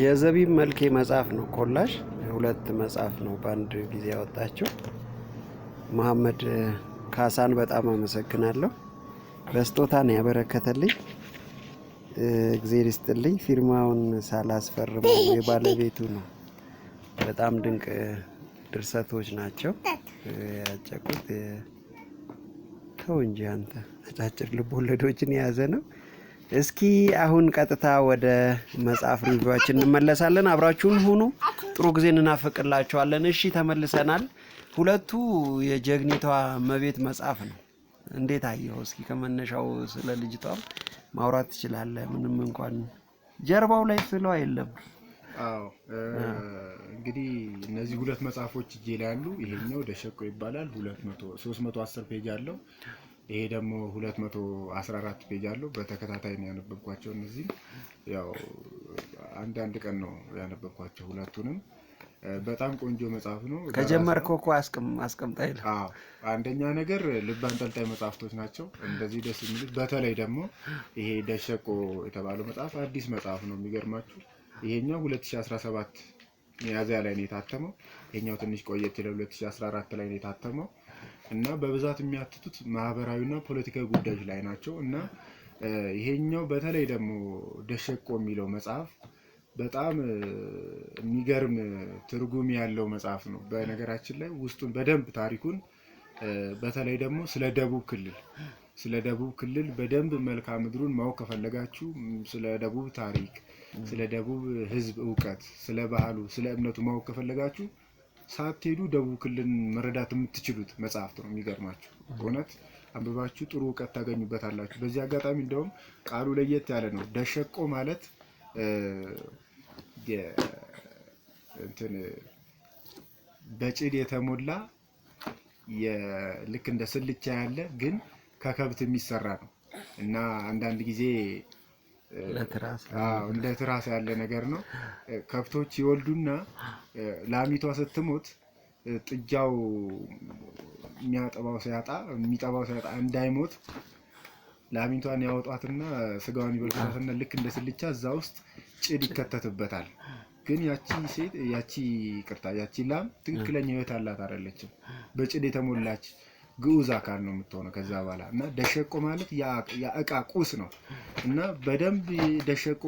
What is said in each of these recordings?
የዘቢብ መልኬ መጽሐፍ ነው። ኮላሽ ሁለት መጽሐፍ ነው በአንድ ጊዜ ያወጣችው። መሐመድ ካሳን በጣም አመሰግናለሁ። በስጦታ ነው ያበረከተልኝ። እግዜር ይስጥልኝ። ፊርማውን ሳላስፈርም የባለቤቱ ነው። በጣም ድንቅ ድርሰቶች ናቸው ያጨቁት። ተው እንጂ አንተ አጫጭር ልቦለዶችን የያዘ ነው። እስኪ አሁን ቀጥታ ወደ መጽሐፍ ሪቪዋችን እንመለሳለን። አብራችሁን ሁኑ። ጥሩ ጊዜ እንናፈቅላችኋለን። እሺ ተመልሰናል። ሁለቱ የጀግኒቷ መቤት መጽሐፍ ነው። እንዴት አየኸው? እስኪ ከመነሻው ስለ ልጅቷ ማውራት ትችላለህ። ምንም እንኳን ጀርባው ላይ ስለው የለም። አዎ እንግዲህ እነዚህ ሁለት መጽሐፎች እጄ ላይ አሉ። ይሄኛው ደሸቆ ይባላል። ሁለት መቶ ሶስት መቶ አስር ፔጅ አለው። ይሄ ደግሞ 214 ፔጅ አለው። በተከታታይ ነው ያነበብኳቸው። እነዚህ ያው አንዳንድ ቀን ነው ያነበብኳቸው ሁለቱንም። በጣም ቆንጆ መጽሐፍ ነው። ከጀመርከው እኮ አስቀምጣ ይላል። አንደኛ ነገር ልብ አንጠልጣይ መጽሐፍቶች ናቸው እንደዚህ ደስ የሚሉት። በተለይ ደግሞ ይሄ ደሸቆ የተባለው መጽሐፍ አዲስ መጽሐፍ ነው የሚገርማችሁ። ይሄኛው 2017 ሚያዝያ ላይ ነው የታተመው። ይሄኛው ትንሽ ቆየት ለ 2014 ላይ ነው የታተመው። እና በብዛት የሚያትቱት ማህበራዊና ፖለቲካዊ ጉዳዮች ላይ ናቸው እና ይሄኛው በተለይ ደግሞ ደሸቆ የሚለው መጽሐፍ በጣም የሚገርም ትርጉም ያለው መጽሐፍ ነው። በነገራችን ላይ ውስጡን በደንብ ታሪኩን በተለይ ደግሞ ስለ ደቡብ ክልል ስለ ደቡብ ክልል በደንብ መልክዓ ምድሩን ማወቅ ከፈለጋችሁ ስለ ደቡብ ታሪክ፣ ስለ ደቡብ ሕዝብ እውቀት፣ ስለ ባህሉ፣ ስለ እምነቱ ማወቅ ከፈለጋችሁ ሳትሄዱ ደቡብ ክልልን መረዳት የምትችሉት መጽሐፍት ነው። የሚገርማችሁ እውነት አንብባችሁ ጥሩ እውቀት ታገኙበታላችሁ። በዚህ አጋጣሚ እንደውም ቃሉ ለየት ያለ ነው። ደሸቆ ማለት እንትን በጭድ የተሞላ ልክ እንደ ስልቻ ያለ ግን ከከብት የሚሰራ ነው እና አንዳንድ ጊዜ እንደ ትራስ ያለ ነገር ነው። ከብቶች ይወልዱና ላሚቷ ስትሞት ጥጃው የሚያጠባው ሲያጣ የሚጠባው ሲያጣ እንዳይሞት ላሚቷን ያወጧትና ስጋዋን ይበልቷትና ልክ እንደ ስልቻ እዛ ውስጥ ጭድ ይከተትበታል። ግን ያቺ ሴት ያቺ ቅርታ ያቺ ላም ትክክለኛ ህይወት አላት አይደለችም። በጭድ የተሞላች ግዑዝ አካል ነው የምትሆነው ከዛ በኋላ እና ደሸቆ ማለት የእቃ ቁስ ነው እና በደንብ ደሸቆ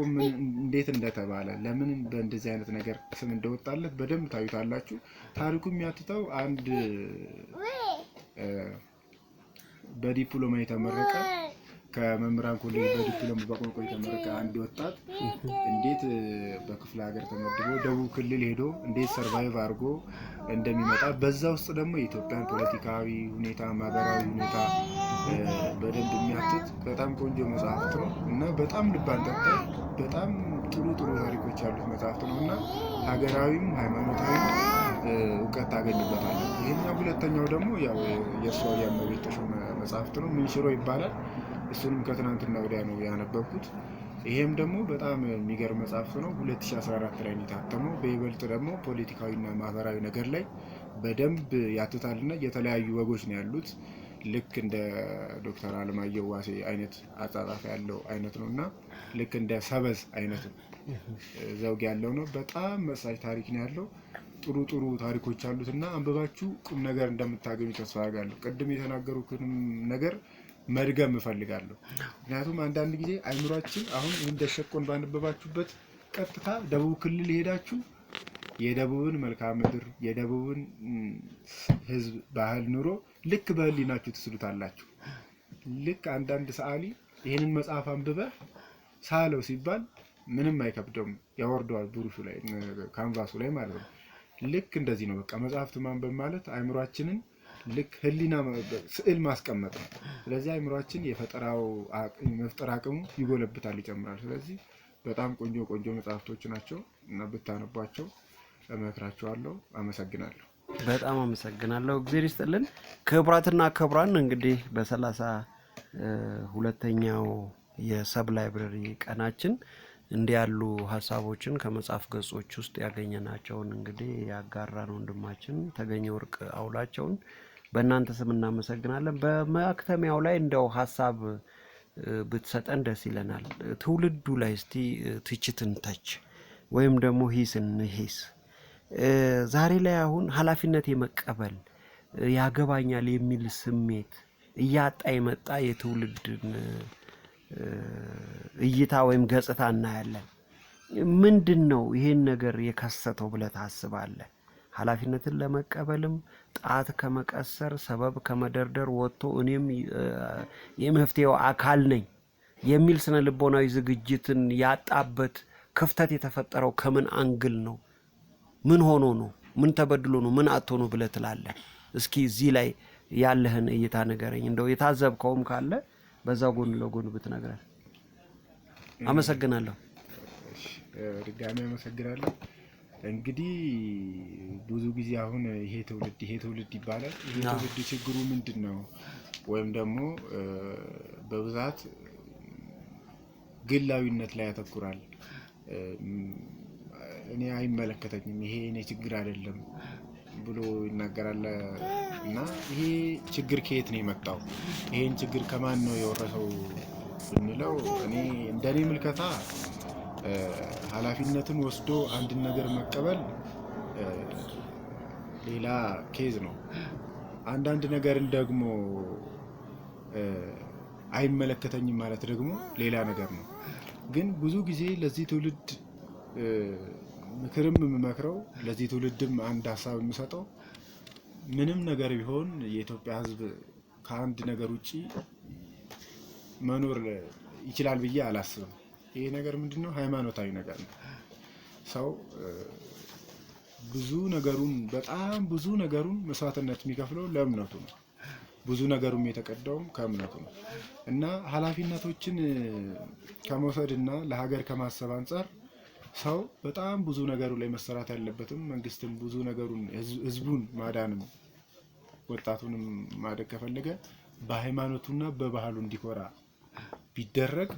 እንዴት እንደተባለ ለምን በእንደዚህ አይነት ነገር ስም እንደወጣለት በደንብ ታዩታላችሁ። ታሪኩ የሚያትተው አንድ በዲፕሎማ የተመረቀ ከመምህራን ኮሌጅ በዲፕሎም በቋንቋ የተመረቀ አንድ ወጣት እንዴት በክፍለ ሀገር ተመድቦ ደቡብ ክልል ሄዶ እንዴት ሰርቫይቭ አድርጎ እንደሚመጣ በዛ ውስጥ ደግሞ የኢትዮጵያን ፖለቲካዊ ሁኔታ፣ ማህበራዊ ሁኔታ በደንብ የሚያትት በጣም ቆንጆ መጽሐፍት ነው እና በጣም ልብ አንጠልጣይ በጣም ጥሩ ጥሩ ታሪኮች ያሉት መጽሐፍት ነው እና ሀገራዊም ሃይማኖታዊም እውቀት ታገኝበታለን። ይህኛው ሁለተኛው ደግሞ ያው የእሷ የእመቤት ተሾመ መጽሐፍት ነው። ምንሽሮ ይባላል። እሱንም ከትናንትና ወዲያ ነው ያነበብኩት። ይሄም ደግሞ በጣም የሚገርም መጽሐፍ ነው። 2014 ላይ የታተመው በይበልጥ ደግሞ ፖለቲካዊና ማህበራዊ ነገር ላይ በደንብ ያትታልና የተለያዩ ወጎች ነው ያሉት። ልክ እንደ ዶክተር አለማየሁ ዋሴ አይነት አጻጻፍ ያለው አይነት ነው እና ልክ እንደ ሰበዝ አይነት ዘውግ ያለው ነው። በጣም መሳጭ ታሪክ ነው ያለው። ጥሩ ጥሩ ታሪኮች አሉት እና አንብባችሁ ቁም ነገር እንደምታገኙ ተስፋ አደርጋለሁ። ቅድም የተናገሩትንም ነገር መድገም እፈልጋለሁ። ምክንያቱም አንዳንድ ጊዜ አይምሯችን አሁን እንደሸቆን ባነበባችሁበት ቀጥታ ደቡብ ክልል ሄዳችሁ የደቡብን መልክዓ ምድር የደቡብን ህዝብ ባህል፣ ኑሮ ልክ በህሊናችሁ ትስሉታላችሁ። ልክ አንዳንድ ሰዓሊ ይህንን መጽሐፍ አንብበህ ሳለው ሲባል ምንም አይከብደውም፣ ያወርደዋል ብሩሹ ላይ ካንቫሱ ላይ ማለት ነው። ልክ እንደዚህ ነው። በቃ መጽሐፍት ማንበብ ማለት አይምሯችንን ልክ ህሊና ስዕል ማስቀመጥ ነው። ስለዚህ አይምሯችን የፈጠራው መፍጠር አቅሙ ይጎለብታል፣ ይጨምራል። ስለዚህ በጣም ቆንጆ ቆንጆ መጽሐፍቶች ናቸው እና ብታነቧቸው እመክራችኋለሁ። አመሰግናለሁ። በጣም አመሰግናለሁ። እግዜር ይስጥልን። ክቡራትና ክቡራን እንግዲህ በሰላሳ ሁለተኛው የሰብ ላይብረሪ ቀናችን እንዲህ ያሉ ሀሳቦችን ከመጽሐፍ ገጾች ውስጥ ያገኘናቸውን እንግዲህ ያጋራን ወንድማችን ተገኘ ወርቅ አውላቸውን በእናንተ ስም እናመሰግናለን። በማክተሚያው ላይ እንደው ሀሳብ ብትሰጠን ደስ ይለናል። ትውልዱ ላይ እስቲ ትችትን ተች ወይም ደግሞ ሂስ ሂስ ዛሬ ላይ አሁን ኃላፊነት የመቀበል ያገባኛል የሚል ስሜት እያጣ የመጣ የትውልድን እይታ ወይም ገጽታ እናያለን። ምንድን ነው ይሄን ነገር የከሰተው ብለህ ታስባለህ? ኃላፊነትን ለመቀበልም ጣት ከመቀሰር ሰበብ ከመደርደር ወጥቶ እኔም የመፍትሄው አካል ነኝ የሚል ስነ ልቦናዊ ዝግጅትን ያጣበት ክፍተት የተፈጠረው ከምን አንግል ነው? ምን ሆኖ ነው? ምን ተበድሎ ነው? ምን አቶ ነው ብለህ ትላለህ? እስኪ እዚህ ላይ ያለህን እይታ ንገረኝ። እንደው የታዘብከውም ካለ በዛ ጎን ለጎን ብትነግረን። አመሰግናለሁ። ድጋሚ አመሰግናለሁ። እንግዲህ ብዙ ጊዜ አሁን ይሄ ትውልድ ይሄ ትውልድ ይባላል። ይሄ ትውልድ ችግሩ ምንድን ነው? ወይም ደግሞ በብዛት ግላዊነት ላይ ያተኩራል። እኔ አይመለከተኝም፣ ይሄ እኔ ችግር አይደለም ብሎ ይናገራል። እና ይሄ ችግር ከየት ነው የመጣው? ይሄን ችግር ከማን ነው የወረሰው ብንለው እኔ እንደኔ ምልከታ ኃላፊነትን ወስዶ አንድን ነገር መቀበል ሌላ ኬዝ ነው። አንዳንድ ነገርን ደግሞ አይመለከተኝም ማለት ደግሞ ሌላ ነገር ነው። ግን ብዙ ጊዜ ለዚህ ትውልድ ምክርም የምመክረው ለዚህ ትውልድም አንድ ሀሳብ የምሰጠው ምንም ነገር ቢሆን የኢትዮጵያ ሕዝብ ከአንድ ነገር ውጭ መኖር ይችላል ብዬ አላስብም። ይሄ ነገር ምንድን ነው? ሃይማኖታዊ ነገር ነው። ሰው ብዙ ነገሩን በጣም ብዙ ነገሩን መስዋዕትነት የሚከፍለው ለእምነቱ ነው። ብዙ ነገሩም የተቀዳውም ከእምነቱ ነው እና ኃላፊነቶችን ከመውሰድ እና ለሀገር ከማሰብ አንጻር ሰው በጣም ብዙ ነገሩ ላይ መሰራት ያለበትም መንግስትም ብዙ ነገሩን ህዝቡን ማዳንም ወጣቱንም ማደግ ከፈለገ በሃይማኖቱና በባህሉ እንዲኮራ ቢደረግ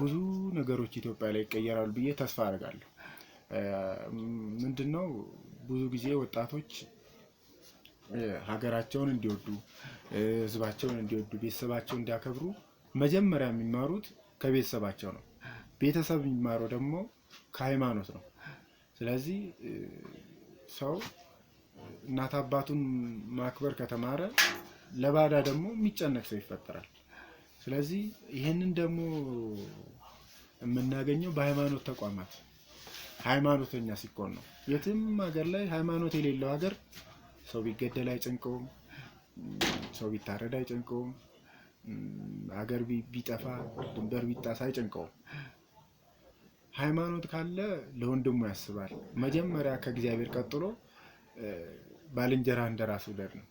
ብዙ ነገሮች ኢትዮጵያ ላይ ይቀየራሉ ብዬ ተስፋ አድርጋለሁ። ምንድን ነው ብዙ ጊዜ ወጣቶች ሀገራቸውን እንዲወዱ፣ ህዝባቸውን እንዲወዱ፣ ቤተሰባቸውን እንዲያከብሩ መጀመሪያ የሚማሩት ከቤተሰባቸው ነው። ቤተሰብ የሚማረው ደግሞ ከሃይማኖት ነው። ስለዚህ ሰው እናት አባቱን ማክበር ከተማረ ለባዳ ደግሞ የሚጨነቅ ሰው ይፈጠራል። ስለዚህ ይህንን ደግሞ የምናገኘው በሃይማኖት ተቋማት ሃይማኖተኛ ሲኮን ነው። የትም ሀገር ላይ ሃይማኖት የሌለው ሀገር ሰው ቢገደል አይጨንቀውም፣ ሰው ቢታረድ አይጨንቀውም፣ ሀገር ቢጠፋ ድንበር ቢጣስ አይጨንቀውም። ሃይማኖት ካለ ለወንድሙ ያስባል። መጀመሪያ ከእግዚአብሔር ቀጥሎ ባልንጀራ እንደራስ ውደድ ነው።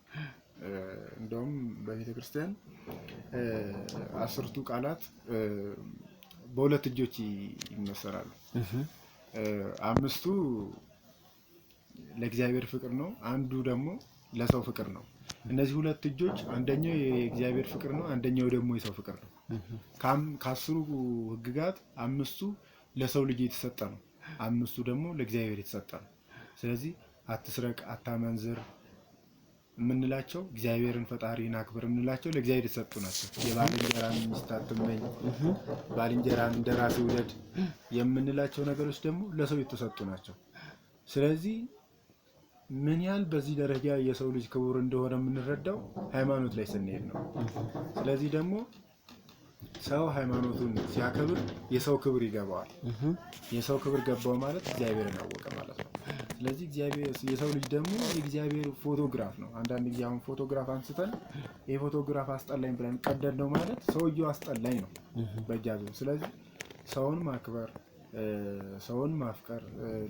እንደውም በቤተ ክርስቲያን አስርቱ ቃላት በሁለት እጆች ይመሰራሉ። አምስቱ ለእግዚአብሔር ፍቅር ነው፣ አንዱ ደግሞ ለሰው ፍቅር ነው። እነዚህ ሁለት እጆች አንደኛው የእግዚአብሔር ፍቅር ነው፣ አንደኛው ደግሞ የሰው ፍቅር ነው። ከአስሩ ሕግጋት አምስቱ ለሰው ልጅ የተሰጠ ነው፣ አምስቱ ደግሞ ለእግዚአብሔር የተሰጠ ነው። ስለዚህ አትስረቅ፣ አታመንዝር የምንላቸው እግዚአብሔርን ፈጣሪን አክብር የምንላቸው ለእግዚአብሔር የተሰጡ ናቸው። የባልንጀራን ሚስት አትመኝ፣ ባልንጀራን እንደ ራስህ ውደድ የምንላቸው ነገሮች ደግሞ ለሰው የተሰጡ ናቸው። ስለዚህ ምን ያህል በዚህ ደረጃ የሰው ልጅ ክቡር እንደሆነ የምንረዳው ሃይማኖት ላይ ስንሄድ ነው። ስለዚህ ደግሞ ሰው ሃይማኖቱን ሲያከብር የሰው ክብር ይገባዋል። የሰው ክብር ገባው ማለት እግዚአብሔርን አወቀ ማለት ነው። ስለዚህ የሰው ልጅ ደግሞ የእግዚአብሔር ፎቶግራፍ ነው። አንዳንድ ጊዜ አሁን ፎቶግራፍ አንስተን ይህ ፎቶግራፍ አስጠላኝ ብለን ቀደድ ነው ማለት ሰውየው አስጠላኝ ነው በእግዚአብሔር። ስለዚህ ሰውን ማክበር ሰውን ማፍቀር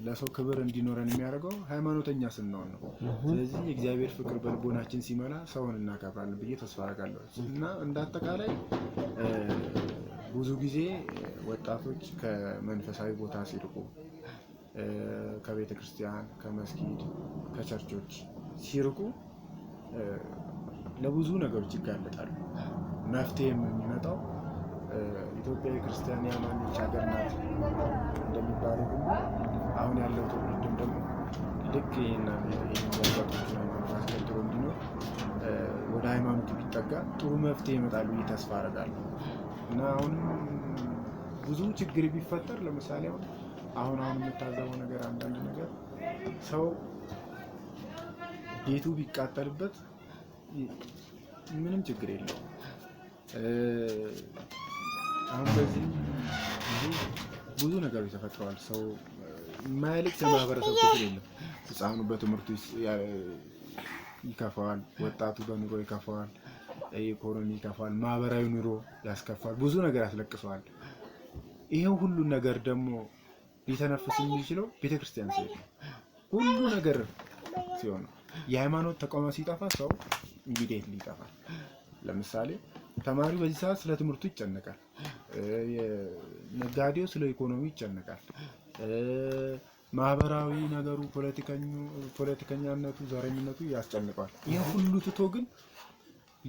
ለሰው ክብር እንዲኖረን የሚያደርገው ሃይማኖተኛ ስንሆን ነው። ስለዚህ የእግዚአብሔር ፍቅር በልቦናችን ሲመላ ሰውን እናከብራለን ብዬ ተስፋ አደርጋለሁ እና እንደ አጠቃላይ ብዙ ጊዜ ወጣቶች ከመንፈሳዊ ቦታ ሲርቁ ከቤተ ክርስቲያን፣ ከመስጊድ፣ ከቸርቾች ሲርቁ ለብዙ ነገሮች ይጋለጣሉ። መፍትሄ የሚመጣው ኢትዮጵያ የክርስቲያን የአማኞች ሀገር ናት እንደሚባለው ሁሉ አሁን ያለው ትውልድም ደግሞ ልክ ይህን ሃይማኖት አስከትሎ እንዲኖር ወደ ሃይማኖት ቢጠጋ ጥሩ መፍትሄ ይመጣሉ ብዬ ተስፋ አደርጋለሁ እና አሁንም ብዙ ችግር ቢፈጠር ለምሳሌ አሁን አሁን አሁን የምታዘበው ነገር አንዳንድ ነገር ሰው ቤቱ ቢቃጠልበት ምንም ችግር የለውም። አሁን በዚህ ብዙ ነገሮች ተፈጥረዋል። ሰው የማያልቅ የማህበረሰብ ክፍል የለም። ህፃኑ በትምህርቱ ይከፋዋል፣ ወጣቱ በኑሮ ይከፋዋል፣ ኢኮኖሚ ይከፋዋል፣ ማህበራዊ ኑሮ ያስከፋል፣ ብዙ ነገር ያስለቅሰዋል። ይሄ ሁሉ ነገር ደግሞ ሊተነፍስ የሚችለው ቤተክርስቲያን ሲሄድ ነው። ሁሉ ነገር ሲሆን የሃይማኖት ተቋማት ሲጠፋ ሰው ኢሚዲየትሊ ይጠፋል። ለምሳሌ ተማሪው በዚህ ሰዓት ስለ ትምህርቱ ይጨነቃል። ነጋዴው ስለ ኢኮኖሚ ይጨነቃል። ማህበራዊ ነገሩ፣ ፖለቲከኛነቱ፣ ዘረኝነቱ ያስጨንቀዋል። ይህ ሁሉ ትቶ ግን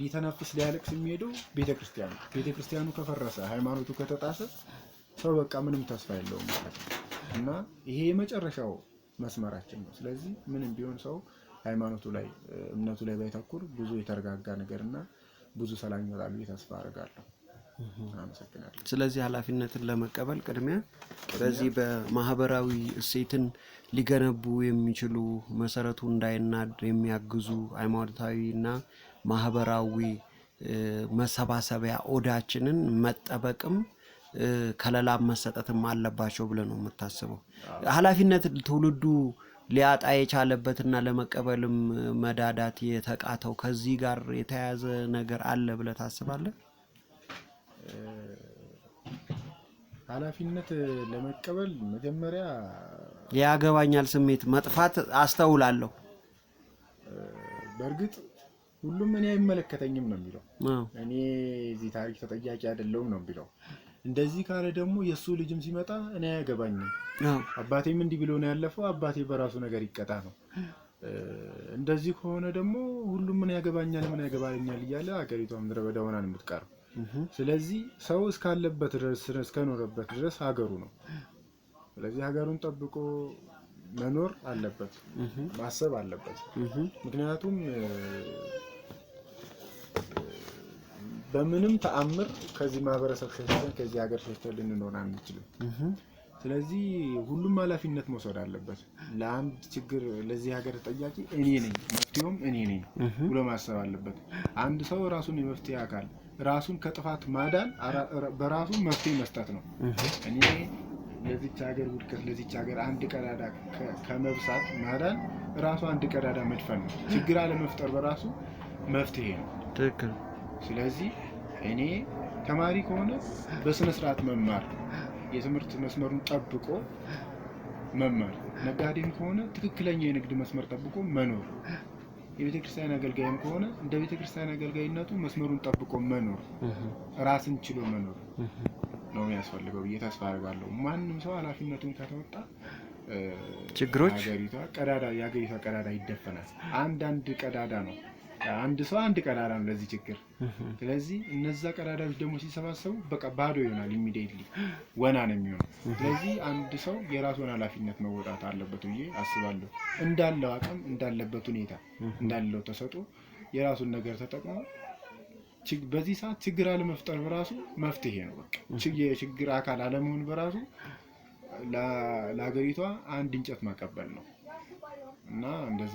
ሊተነፍስ ሊያለቅስ የሚሄደው ቤተክርስቲያኑ ቤተክርስቲያኑ ከፈረሰ ሃይማኖቱ ከተጣሰ ሰው በቃ ምንም ተስፋ የለውም ማለት ነው እና ይሄ የመጨረሻው መስመራችን ነው። ስለዚህ ምንም ቢሆን ሰው ሃይማኖቱ ላይ እምነቱ ላይ ባይተኩር ብዙ የተረጋጋ ነገር እና ብዙ ሰላም ይመጣል ብዬ ተስፋ አድርጋለሁ። አመሰግናለሁ። ስለዚህ ኃላፊነትን ለመቀበል ቅድሚያ በዚህ በማህበራዊ እሴትን ሊገነቡ የሚችሉ መሰረቱ እንዳይናድ የሚያግዙ ሃይማኖታዊና ማህበራዊ መሰባሰቢያ ኦዳችንን መጠበቅም ከለላ መሰጠትም አለባቸው ብለህ ነው የምታስበው? ኃላፊነት ትውልዱ ሊያጣ የቻለበትና ለመቀበልም መዳዳት የተቃተው ከዚህ ጋር የተያያዘ ነገር አለ ብለህ ታስባለህ? ኃላፊነት ለመቀበል መጀመሪያ ያገባኛል ስሜት መጥፋት አስተውላለሁ። በእርግጥ ሁሉም እኔ አይመለከተኝም ነው የሚለው። እኔ እዚህ ታሪክ ተጠያቂ አይደለሁም ነው የሚለው። እንደዚህ ካለ ደግሞ የእሱ ልጅም ሲመጣ እኔ አያገባኝም፣ አባቴም እንዲህ ብሎ ነው ያለፈው፣ አባቴ በራሱ ነገር ይቀጣ ነው። እንደዚህ ከሆነ ደግሞ ሁሉም ምን ያገባኛል፣ ምን ያገባኛል እያለ ሀገሪቷ ምድረ በዳ ሆና ነው የምትቀረው። ስለዚህ ሰው እስካለበት ድረስ እስከኖረበት ድረስ ሀገሩ ነው። ስለዚህ ሀገሩን ጠብቆ መኖር አለበት፣ ማሰብ አለበት። ምክንያቱም በምንም ተአምር ከዚህ ማህበረሰብ ሸሽተን ከዚህ ሀገር ሸሽተን ልንኖር አንችልም። ስለዚህ ሁሉም ኃላፊነት መውሰድ አለበት። ለአንድ ችግር ለዚህ ሀገር ተጠያቂ እኔ ነኝ፣ መፍትሄውም እኔ ነኝ ብሎ ማሰብ አለበት። አንድ ሰው ራሱን የመፍትሄ አካል ራሱን ከጥፋት ማዳን በራሱ መፍትሄ መስጠት ነው። እኔ ለዚች ሀገር ውድቀት ለዚች ሀገር አንድ ቀዳዳ ከመብሳት ማዳን ራሱ አንድ ቀዳዳ መድፈን ነው። ችግር አለመፍጠር በራሱ መፍትሄ ነው። ትክክል። ስለዚህ እኔ ተማሪ ከሆነ በስነ ስርዓት መማር፣ የትምህርት መስመሩን ጠብቆ መማር፣ ነጋዴም ከሆነ ትክክለኛ የንግድ መስመር ጠብቆ መኖር፣ የቤተ ክርስቲያን አገልጋይም ከሆነ እንደ ቤተ ክርስቲያን አገልጋይነቱ መስመሩን ጠብቆ መኖር፣ ራስን ችሎ መኖር ነው የሚያስፈልገው ብዬ ተስፋ አድርጋለሁ። ማንም ሰው ኃላፊነቱን ከተወጣ ችግሮች ቀዳዳ የሀገሪቷ ቀዳዳ ይደፈናል። አንዳንድ ቀዳዳ ነው አንድ ሰው አንድ ቀዳዳ ነው ለዚህ ችግር። ስለዚህ እነዛ ቀዳዳዎች ደግሞ ሲሰባሰቡ በቃ ባዶ ይሆናል፣ ኢሚዲየትሊ ወና ነው የሚሆነው። ስለዚህ አንድ ሰው የራሱን ኃላፊነት መወጣት አለበት ብዬ አስባለሁ። እንዳለው አቅም፣ እንዳለበት ሁኔታ፣ እንዳለው ተሰጦ የራሱን ነገር ተጠቅሞ በዚህ ሰዓት ችግር አለመፍጠር በራሱ መፍትሄ ነው። በቃ የችግር አካል አለመሆን በራሱ ለሀገሪቷ አንድ እንጨት ማቀበል ነው። እና እንደዛ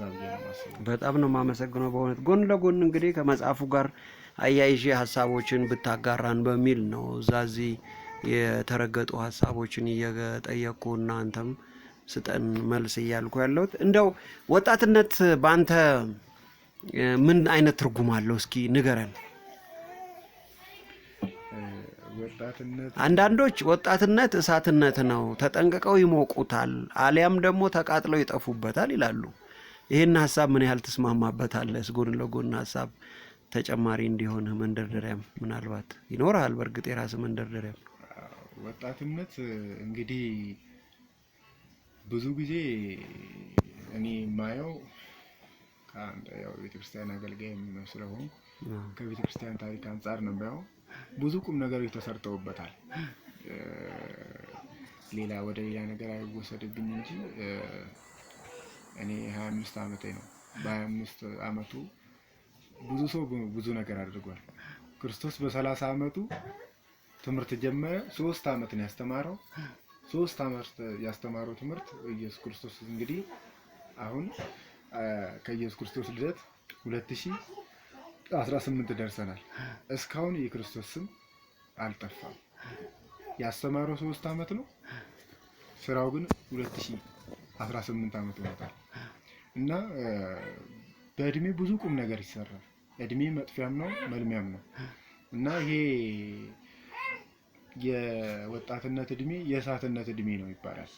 በጣም ነው የማመሰግነው በእውነት ጎን ለጎን እንግዲህ ከመጽሐፉ ጋር አያይዤ ሀሳቦችን ብታጋራን በሚል ነው እዛዚ የተረገጡ ሀሳቦችን እየጠየቅኩ እናንተም ስጠን መልስ እያልኩ ያለሁት እንደው ወጣትነት በአንተ ምን አይነት ትርጉም አለው? እስኪ ንገረን። አንዳንዶች ወጣትነት እሳትነት ነው፣ ተጠንቅቀው ይሞቁታል፣ አሊያም ደግሞ ተቃጥለው ይጠፉበታል ይላሉ። ይህን ሀሳብ ምን ያህል ትስማማበታለህ? ጎን ለጎን ሀሳብ ተጨማሪ እንዲሆን መንደርደሪያም ምናልባት ይኖርሃል። በእርግጥ የራስ መንደርደሪያም ወጣትነት እንግዲህ ብዙ ጊዜ እኔ የማየው ከአንድ ቤተክርስቲያን አገልጋይ ስለሆንኩ ከቤተክርስቲያን ታሪክ አንጻር ነው የማየው ብዙ ቁም ነገሮች ተሰርተውበታል። ሌላ ወደ ሌላ ነገር አይወሰድብኝ እንጂ እኔ ሀያ አምስት ዓመቴ ነው። በሀያ አምስት አመቱ ብዙ ሰው ብዙ ነገር አድርጓል። ክርስቶስ በሰላሳ አመቱ ትምህርት ጀመረ። ሶስት አመት ነው ያስተማረው። ሶስት አመት ያስተማረው ትምህርት ኢየሱስ ክርስቶስ እንግዲህ አሁን ከኢየሱስ ክርስቶስ ልደት ሁለት ሺህ 18 ደርሰናል። እስካሁን የክርስቶስ ስም አልጠፋም። ያስተማረው ሶስት ዓመት ነው። ስራው ግን 2018 ዓመት ይመጣል እና በእድሜ ብዙ ቁም ነገር ይሰራል። እድሜ መጥፊያም ነው መልሚያም ነው እና ይሄ የወጣትነት እድሜ የእሳትነት እድሜ ነው ይባላል።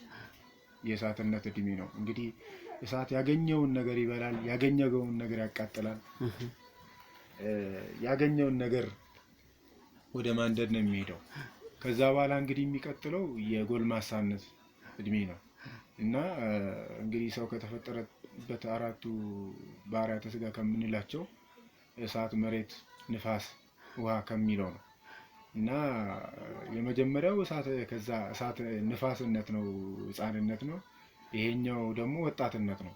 የእሳትነት እድሜ ነው እንግዲህ እሳት ያገኘውን ነገር ይበላል፣ ያገኘገውን ነገር ያቃጥላል። ያገኘውን ነገር ወደ ማንደድ ነው የሚሄደው። ከዛ በኋላ እንግዲህ የሚቀጥለው የጎልማሳነት እድሜ ነው እና እንግዲህ ሰው ከተፈጠረበት አራቱ ባህርያተ ሥጋ ከምንላቸው እሳት፣ መሬት፣ ንፋስ፣ ውሃ ከሚለው ነው እና የመጀመሪያው እሳት፣ ከዛ እሳት ንፋስነት ነው፣ ህፃንነት ነው። ይሄኛው ደግሞ ወጣትነት ነው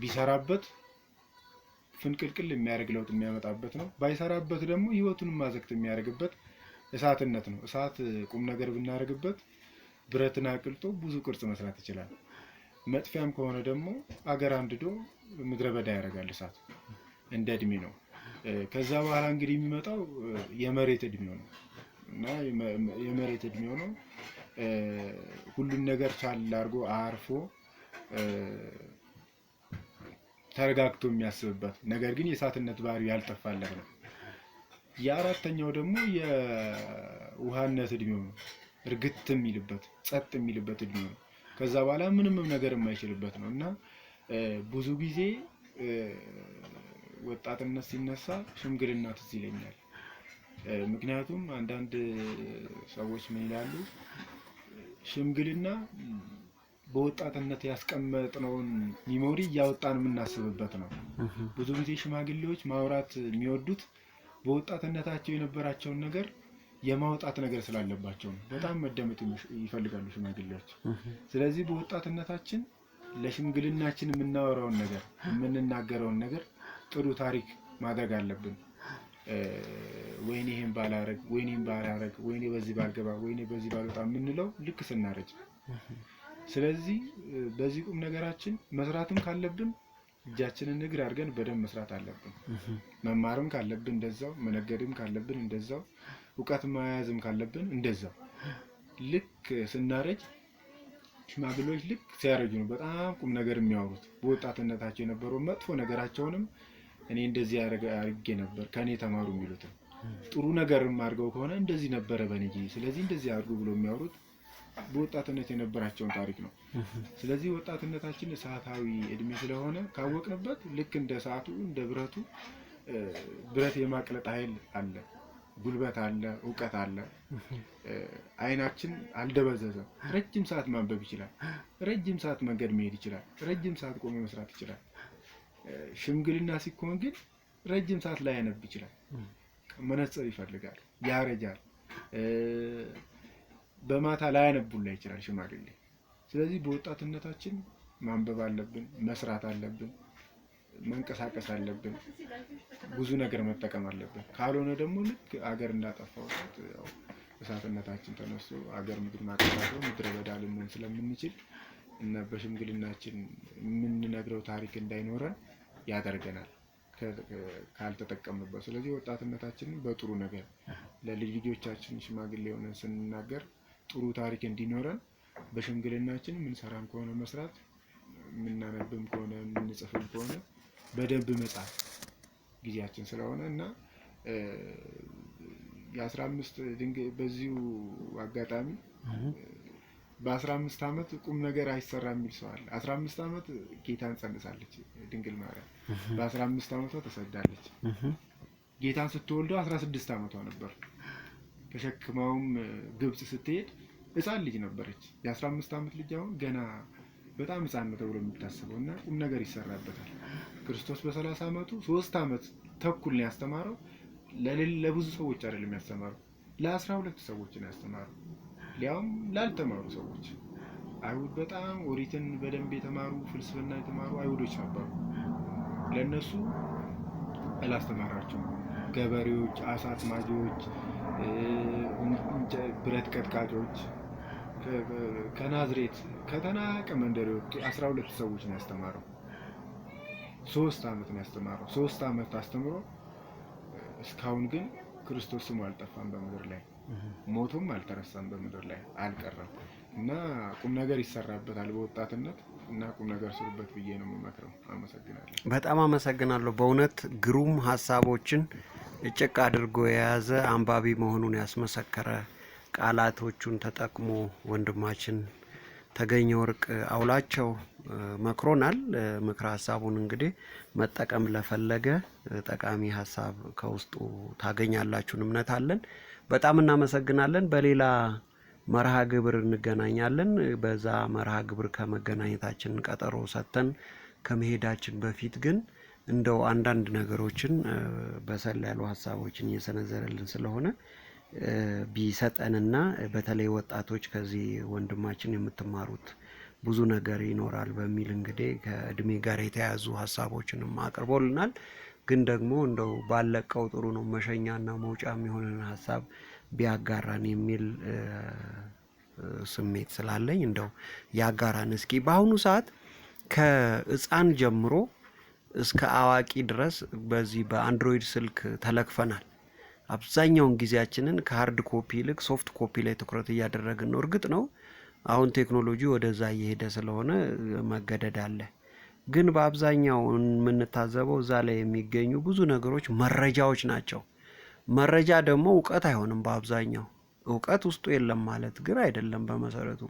ቢሰራበት ፍንቅልቅል የሚያደርግ ለውጥ የሚያመጣበት ነው። ባይሰራበት ደግሞ ህይወቱን ማዘግት የሚያደርግበት እሳትነት ነው። እሳት ቁም ነገር ብናደርግበት ብረትን አቅልጦ ብዙ ቅርጽ መስራት ይችላል። መጥፊያም ከሆነ ደግሞ አገር አንድዶ ምድረ በዳ ያደርጋል። እሳት እንደ እድሜ ነው። ከዛ በኋላ እንግዲህ የሚመጣው የመሬት እድሜው ነው እና የመሬት እድሜው ነው ሁሉን ነገር ቻል አድርጎ አርፎ ተረጋግቶ የሚያስብበት ነገር ግን የእሳትነት ባህሪ ያልጠፋለት ነው። የአራተኛው ደግሞ የውሃነት እድሜው ነው። እርግት የሚልበት ጸጥ የሚልበት እድሜው ነው። ከዛ በኋላ ምንምም ነገር የማይችልበት ነው እና ብዙ ጊዜ ወጣትነት ሲነሳ ሽምግልና ትዝ ይለኛል። ምክንያቱም አንዳንድ ሰዎች ምን ይላሉ ሽምግልና በወጣትነት ያስቀመጥነውን ሚሞሪ እያወጣን የምናስብበት ነው። ብዙ ጊዜ ሽማግሌዎች ማውራት የሚወዱት በወጣትነታቸው የነበራቸውን ነገር የማውጣት ነገር ስላለባቸው ነው። በጣም መደመጥ ይፈልጋሉ ሽማግሌዎች። ስለዚህ በወጣትነታችን ለሽምግልናችን የምናወራውን ነገር የምንናገረውን ነገር ጥሩ ታሪክ ማድረግ አለብን። ወይኔ ይህን ባላረግ፣ ወይኔ ባላረግ፣ ወይኔ በዚህ ባልገባ፣ ወይኔ በዚህ ባልወጣ የምንለው ልክ ስናረጅ ስለዚህ በዚህ ቁም ነገራችን መስራትም ካለብን እጃችንን እግር አድርገን በደንብ መስራት አለብን። መማርም ካለብን እንደዛው፣ መነገድም ካለብን እንደዛው፣ እውቀት መያዝም ካለብን እንደዛው። ልክ ስናረጅ ሽማግሌዎች ልክ ሲያረጁ ነው በጣም ቁም ነገር የሚያወሩት። በወጣትነታቸው የነበረው መጥፎ ነገራቸውንም እኔ እንደዚህ አድርጌ ነበር ከእኔ ተማሩ የሚሉትም ጥሩ ነገርም አድርገው ከሆነ እንደዚህ ነበረ በኔ ጊዜ፣ ስለዚህ እንደዚህ አድርጉ ብሎ የሚያወሩት በወጣትነት የነበራቸውን ታሪክ ነው። ስለዚህ ወጣትነታችን ሰዓታዊ እድሜ ስለሆነ ካወቅንበት ልክ እንደ ሰዓቱ እንደ ብረቱ ብረት የማቅለጥ ኃይል አለ፣ ጉልበት አለ፣ እውቀት አለ። አይናችን አልደበዘዘም። ረጅም ሰዓት ማንበብ ይችላል። ረጅም ሰዓት መንገድ መሄድ ይችላል። ረጅም ሰዓት ቆሞ መስራት ይችላል። ሽምግልና ሲኮን ግን ረጅም ሰዓት ላያነብ ይችላል። መነጽር ይፈልጋል፣ ያረጃል። በማታ ላያነቡላ ይችላል ሽማግሌ። ስለዚህ በወጣትነታችን ማንበብ አለብን፣ መስራት አለብን፣ መንቀሳቀስ አለብን፣ ብዙ ነገር መጠቀም አለብን። ካልሆነ ደግሞ ልክ አገር እንዳጠፋው እሳትነታችን ተነስቶ አገር ምግብ ማቀሳሰው ምድረ በዳ ልንሆን ስለምንችል እና በሽምግልናችን የምንነግረው ታሪክ እንዳይኖረን ያደርገናል ካልተጠቀምበት። ስለዚህ ወጣትነታችንን በጥሩ ነገር ለልጅ ልጆቻችን ሽማግሌ የሆነን ስንናገር ጥሩ ታሪክ እንዲኖረን በሽምግልናችን የምንሰራም ከሆነ መስራት፣ የምናነብም ከሆነ የምንጽፍም ከሆነ በደንብ መጻፍ ጊዜያችን ስለሆነ እና የአስራ አምስት በዚሁ አጋጣሚ በአስራ አምስት ዓመት ቁም ነገር አይሰራ የሚል ሰው አለ። አስራ አምስት ዓመት ጌታን ጸንሳለች ድንግል ማርያም። በአስራ አምስት ዓመቷ ተሰዳለች። ጌታን ስትወልደው አስራ ስድስት ዓመቷ ነበር። ተሸክመውም ግብፅ ስትሄድ ህፃን ልጅ ነበረች። የአስራ አምስት ዓመት ልጅ አሁን ገና በጣም ህፃን ነው ተብሎ የሚታሰበው እና ቁም ነገር ይሰራበታል። ክርስቶስ በ30 ዓመቱ ሶስት ዓመት ተኩል ነው ያስተማረው። ለብዙ ሰዎች አይደለም ያስተማረው፣ ለአስራ ሁለት ሰዎች ነው ያስተማረው፣ ሊያውም ላልተማሩ ሰዎች። አይሁድ በጣም ኦሪትን በደንብ የተማሩ ፍልስፍና የተማሩ አይሁዶች ነበሩ። ለእነሱ አላስተማራቸውም። ገበሬዎች፣ አሳ አጥማጆች ብረት ቀጥቃጮች ከናዝሬት ከተናቀ መንደር የወጡ አስራ ሁለት ሰዎች ነው ያስተማረው። ሶስት አመት ነው ያስተማረው። ሶስት አመት አስተምሮ እስካሁን ግን ክርስቶስ ስሙ አልጠፋም በምድር ላይ ሞቶም አልተረሳም በምድር ላይ አልቀረም እና ቁም ነገር ይሰራበታል በወጣትነት እና ቁም ነገር ስሩበት ብዬ ነው የምመክረው። አመሰግናለሁ። በጣም አመሰግናለሁ። በእውነት ግሩም ሀሳቦችን እጭቅ አድርጎ የያዘ አንባቢ መሆኑን ያስመሰከረ ቃላቶቹን ተጠቅሞ ወንድማችን ተገኘ ወርቅ አውላቸው መክሮናል። ምክረ ሀሳቡን እንግዲህ መጠቀም ለፈለገ ጠቃሚ ሀሳብ ከውስጡ ታገኛላችሁን እምነት አለን። በጣም እናመሰግናለን። በሌላ መርሃ ግብር እንገናኛለን። በዛ መርሃ ግብር ከመገናኘታችን ቀጠሮ ሰጥተን ከመሄዳችን በፊት ግን እንደው አንዳንድ ነገሮችን በሰል ያሉ ሀሳቦችን እየሰነዘረልን ስለሆነ ቢሰጠንና በተለይ ወጣቶች ከዚህ ወንድማችን የምትማሩት ብዙ ነገር ይኖራል በሚል እንግዲህ ከእድሜ ጋር የተያያዙ ሀሳቦችንም አቅርቦልናል። ግን ደግሞ እንደው ባለቀው ጥሩ ነው መሸኛና መውጫ የሚሆንን ሀሳብ ቢያጋራን የሚል ስሜት ስላለኝ እንደው ያጋራን እስኪ በአሁኑ ሰዓት ከህፃን ጀምሮ እስከ አዋቂ ድረስ በዚህ በአንድሮይድ ስልክ ተለክፈናል። አብዛኛውን ጊዜያችንን ከሀርድ ኮፒ ይልቅ ሶፍት ኮፒ ላይ ትኩረት እያደረግን ነው። እርግጥ ነው አሁን ቴክኖሎጂ ወደዛ እየሄደ ስለሆነ መገደድ አለ። ግን በአብዛኛው የምንታዘበው እዛ ላይ የሚገኙ ብዙ ነገሮች መረጃዎች ናቸው። መረጃ ደግሞ እውቀት አይሆንም። በአብዛኛው እውቀት ውስጡ የለም ማለት ግን አይደለም በመሰረቱ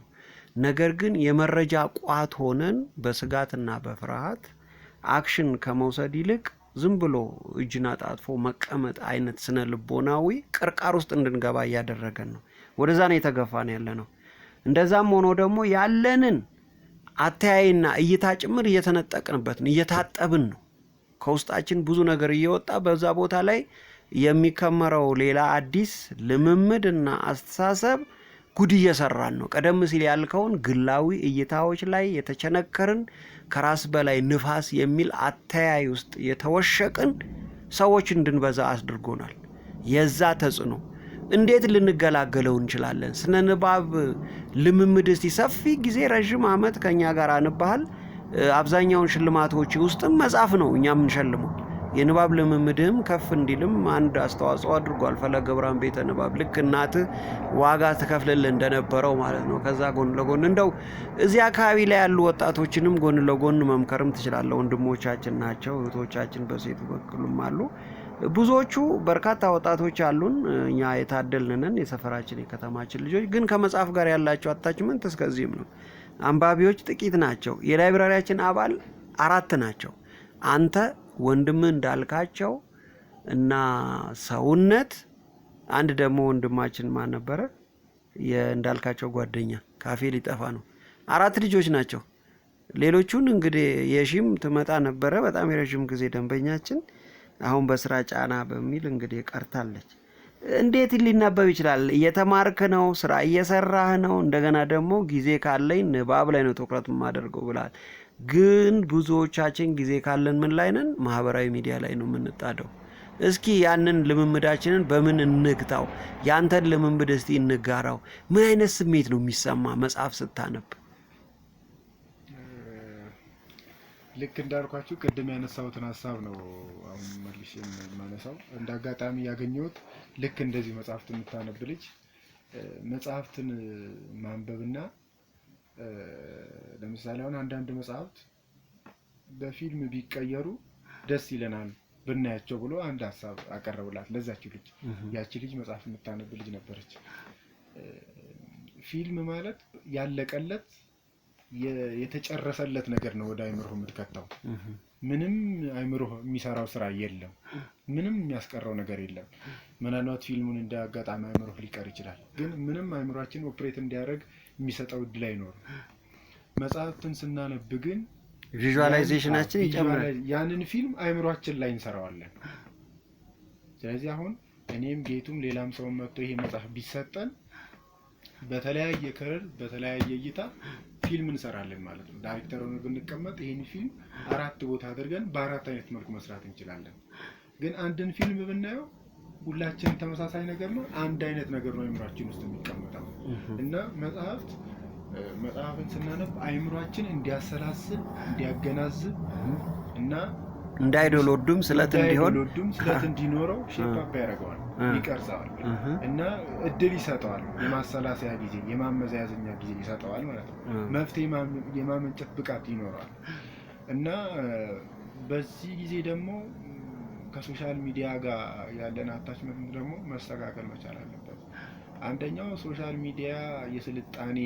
ነገር ግን የመረጃ ቋት ሆነን በስጋትና በፍርሃት አክሽን ከመውሰድ ይልቅ ዝም ብሎ እጅና ጣጥፎ መቀመጥ አይነት ስነ ልቦናዊ ቅርቃር ውስጥ እንድንገባ እያደረገን ነው። ወደዛ ነው የተገፋን ያለ ነው። እንደዛም ሆኖ ደግሞ ያለንን አተያይና እይታ ጭምር እየተነጠቅንበትን እየታጠብን ነው። ከውስጣችን ብዙ ነገር እየወጣ በዛ ቦታ ላይ የሚከመረው ሌላ አዲስ ልምምድና አስተሳሰብ ጉድ እየሰራን ነው። ቀደም ሲል ያልከውን ግላዊ እይታዎች ላይ የተቸነከርን ከራስ በላይ ንፋስ የሚል አተያይ ውስጥ የተወሸቅን ሰዎች እንድንበዛ አስድርጎናል። የዛ ተጽዕኖ እንዴት ልንገላገለው እንችላለን? ስነ ንባብ ልምምድ እስቲ ሰፊ ጊዜ ረዥም ዓመት ከእኛ ጋር አንባሃል። አብዛኛውን ሽልማቶች ውስጥም መጽሐፍ ነው እኛ የምንሸልመው የንባብ ልምምድህም ከፍ እንዲልም አንድ አስተዋጽኦ አድርጓል። ፈለገ ብርሃን ቤተ ንባብ ልክ እናትህ ዋጋ ትከፍልልህ እንደነበረው ማለት ነው። ከዛ ጎን ለጎን እንደው እዚህ አካባቢ ላይ ያሉ ወጣቶችንም ጎን ለጎን መምከርም ትችላለህ። ወንድሞቻችን ናቸው፣ እህቶቻችን በሴቱ በኩልም አሉ። ብዙዎቹ በርካታ ወጣቶች አሉን። እኛ የታደልንን የሰፈራችን የከተማችን ልጆች ግን ከመጽሐፍ ጋር ያላቸው አታችመንት እስከዚህም ነው። አንባቢዎች ጥቂት ናቸው። የላይብራሪያችን አባል አራት ናቸው። አንተ ወንድም እንዳልካቸው እና ሰውነት አንድ ደግሞ ወንድማችን ማን ነበረ? እንዳልካቸው ጓደኛ ካፌ ሊጠፋ ነው። አራት ልጆች ናቸው። ሌሎቹን እንግዲህ የሺም ትመጣ ነበረ፣ በጣም የረዥም ጊዜ ደንበኛችን፣ አሁን በስራ ጫና በሚል እንግዲህ ቀርታለች። እንዴት ሊነበብ ይችላል? እየተማርክ ነው፣ ስራ እየሰራህ ነው፣ እንደገና ደግሞ ጊዜ ካለኝ ንባብ ላይ ነው ትኩረት የማደርገው ብላል። ግን ብዙዎቻችን ጊዜ ካለን ምን ላይ ነን? ማህበራዊ ሚዲያ ላይ ነው የምንጣደው። እስኪ ያንን ልምምዳችንን በምን እንግታው? ያንተን ልምምድ እስቲ እንጋራው። ምን አይነት ስሜት ነው የሚሰማ መጽሐፍ ስታነብ? ልክ እንዳልኳችሁ ቅድም ያነሳሁትን ሀሳብ ነው አሁን መልሼ የማነሳው። እንደ አጋጣሚ ያገኘሁት ልክ እንደዚህ መጽሐፍት የምታነብ ልጅ መጽሐፍትን ማንበብና ለምሳሌ አሁን አንዳንድ መጽሐፍት በፊልም ቢቀየሩ ደስ ይለናል ብናያቸው ብሎ አንድ ሀሳብ አቀረቡላት ለዛች ልጅ። ያቺ ልጅ መጽሐፍ የምታነብ ልጅ ነበረች። ፊልም ማለት ያለቀለት የተጨረሰለት ነገር ነው። ወደ አይምሮህ የምትከተው ምንም አይምሮህ የሚሰራው ስራ የለም። ምንም የሚያስቀረው ነገር የለም። ምናልባት ፊልሙን እንደ አጋጣሚ አይምሮህ ሊቀር ይችላል፣ ግን ምንም አይምሯችን ኦፕሬት እንዲያደርግ የሚሰጠው እድል አይኖርም። መጽሐፍትን ስናነብ ግን ቪዥዋላይዜሽናችን ይጨምራል። ያንን ፊልም አይምሯችን ላይ እንሰራዋለን። ስለዚህ አሁን እኔም ጌቱም ሌላም ሰው መጥቶ ይሄ መጽሐፍ ቢሰጠን በተለያየ ከለር በተለያየ እይታ ፊልም እንሰራለን ማለት ነው። ዳይሬክተር ሆነ ብንቀመጥ ይህን ፊልም አራት ቦታ አድርገን በአራት አይነት መልኩ መስራት እንችላለን። ግን አንድን ፊልም ብናየው ሁላችን ተመሳሳይ ነገር ነው። አንድ አይነት ነገር ነው አይምሯችን ውስጥ የሚቀመጠው እና መጽሐፍት መጽሐፍን ስናነብ አይምሯችን እንዲያሰላስል እንዲያገናዝብ እና እንዳይዶሎዱም ስለት እንዲሆን ስለት እንዲኖረው ሼፓፓ ያደርገዋል፣ ይቀርጸዋል እና እድል ይሰጠዋል። የማሰላሰያ ጊዜ፣ የማመዛያዘኛ ጊዜ ይሰጠዋል ማለት ነው። መፍትሄ የማመንጨት ብቃት ይኖረዋል እና በዚህ ጊዜ ደግሞ ከሶሻል ሚዲያ ጋር ያለን አታችመንት ደግሞ መስተካከል መቻል አለበት። አንደኛው ሶሻል ሚዲያ የስልጣኔ